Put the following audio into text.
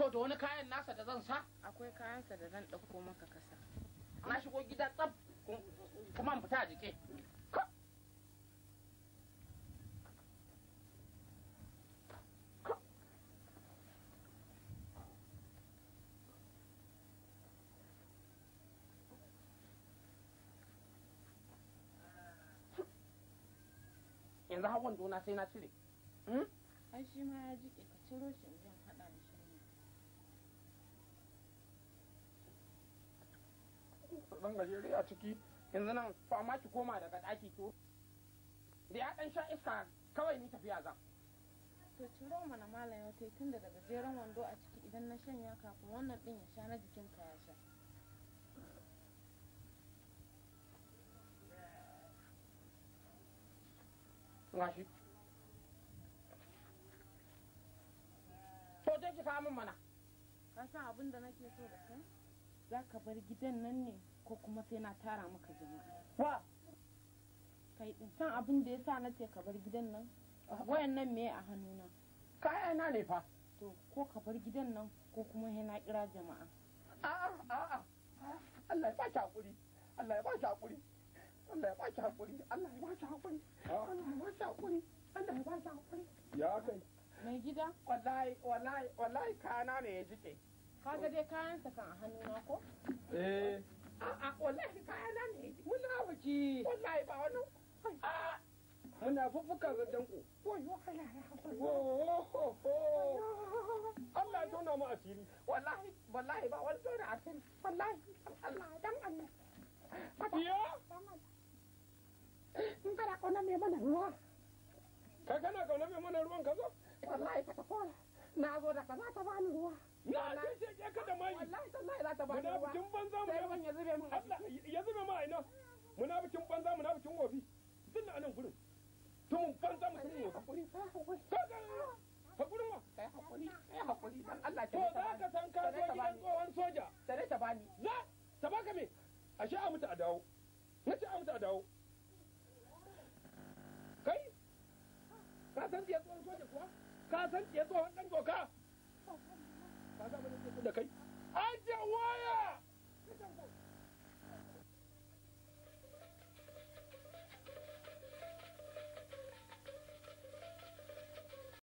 to da wani kayan nasa da zan sa akwai kayansa da zan ɗauko maka kasa na shigo gida tsab kuma fita a jike yanzu hawan dona sai na cire hmm? ai shi ma ya jike ka ciro shi ɗan gajere a ciki yanzu nan fama amma ki koma daga ɗaki to da ya dan sha iska kawai ni tafiya zan to ciro mana malam yau tun tunda da gajeren wando a ciki idan na shanya kafin wannan ɗin ya sha na jikinka ya sha gashi to dai ki kawo min mana ka san abin da nake so da kai za ka bar gidan nan ne ko kuma sai na tara maka jama'a wa kai din san abin da yasa na ce ka bar gidan nan wayan nan me a hannuna kaya na ne fa to ko ka bar gidan nan ko kuma sai na kira jama'a a'a a'a Allah ya ba ki hakuri Allah ya ba ki hakuri Allah ya ba ki hakuri Allah ya ba ki hakuri Allah ya ba ki hakuri Allah ya ba ki hakuri ya kai mai gida wallahi wallahi wallahi kana ne ya jike ka ga dai kayan sa kan hannuna ko eh a'a wallahi ne muna waki wallahi ba wani muna fuffuka Allah ya tona mu asiri wallahi wallahi ba wani tona asiri wallahi Allah dan Allah in kana kauna mai mana ruwa ka kana kauna mai mana ruwan ka wallahi za banza ya zube mu wofi tun banza wofi ka hakuri kai za ka san ka zo tsohon soja tare ta bani za ta baka me a mutu a dawo ka san tsohon soja kuwa ka san tsohon dan doka ka mun da kai Hide your wire!